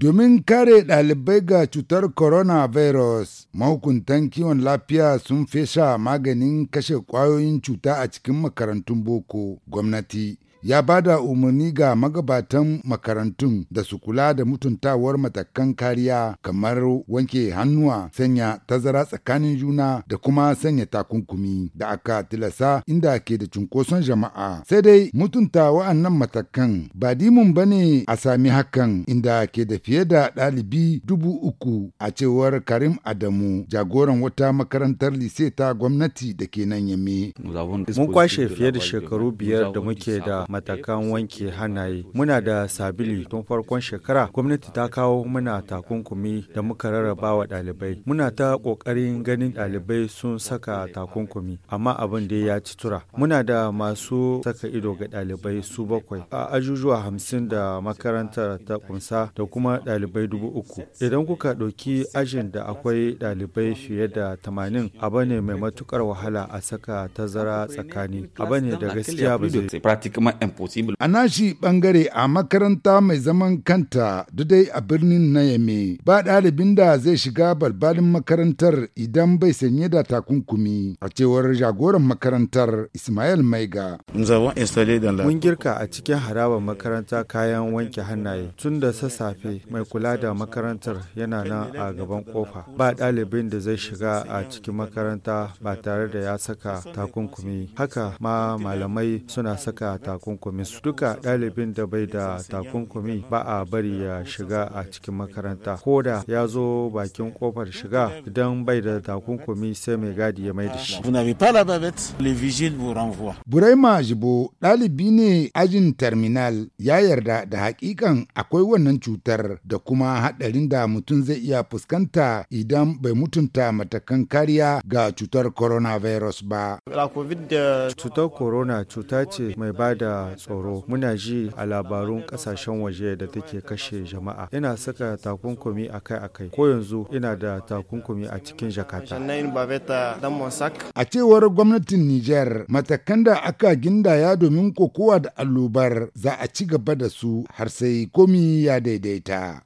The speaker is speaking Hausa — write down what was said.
Domin kare ɗalibai ga cutar coronavirus, mahukuntan kiwon lafiya sun sa maganin kashe ƙwayoyin cuta a cikin makarantun boko gwamnati. ya ba da umarni ga magabatan makarantun da su kula da mutuntawar matakan kariya kamar wanke hannuwa sanya tazara tsakanin juna da kuma sanya takunkumi da aka tilasa inda ke da cunkoson jama'a sai dai mutunta wa'annan matakan ba dimun ba ne a sami hakan inda ke da fiye da ɗalibi dubu uku a cewar karim adamu jagoran wata makarantar lise ta gwamnati da ke nan yame mun kwashe fiye da shekaru biyar da muke da matakan wanke hannaye. Muna da sabili tun farkon shekara gwamnati ta kawo muna takunkumi da muka rarraba wa ɗalibai. Muna ta ƙoƙarin ganin ɗalibai sun saka takunkumi amma abin da ya ci tura. Muna da masu saka ido ga ɗalibai su bakwai a ajujuwa hamsin da makarantar ta kunsa da kuma ɗalibai dubu uku. Idan kuka ɗauki ajin da akwai ɗalibai fiye da tamanin abu ne mai matukar wahala a saka tazara tsakani abu ne da gaskiya ba zai impossible. A nashi bangare a makaranta mai zaman kanta dudai a birnin na yame ba ɗalibin da zai shiga balbalin makarantar idan bai sanye da takunkumi a cewar jagoran makarantar Ismail Maiga. Mun girka a cikin harabar makaranta kayan wanke hannaye tun da sassafe mai kula da makarantar yana nan a gaban kofa ba ɗalibin da zai shiga a cikin makaranta ba tare da ya saka takunkumi haka ma malamai suna saka takunkumi. takunkumin su duka ɗalibin da bai da takunkumi ba a bari ya shiga a cikin makaranta ko da ya zo bakin kofar shiga idan bai da takunkumi sai mai gadi ya mai da shi buraima jibo ɗalibi ne ajin terminal ya yarda da hakikan akwai wannan cutar da kuma haɗarin da mutum zai iya fuskanta idan bai mutunta matakan kariya ga cutar coronavirus ba. Euh, cutar corona cuta ce mai ba da tsoro muna ji a labarun kasashen waje da take kashe jama'a ina saka takunkumi akai-akai ko yanzu ina da takunkumi a cikin jakata a cewar gwamnatin niger matakan da aka gindaya domin kokowa da allobar za a ci gaba da su har sai komi ya daidaita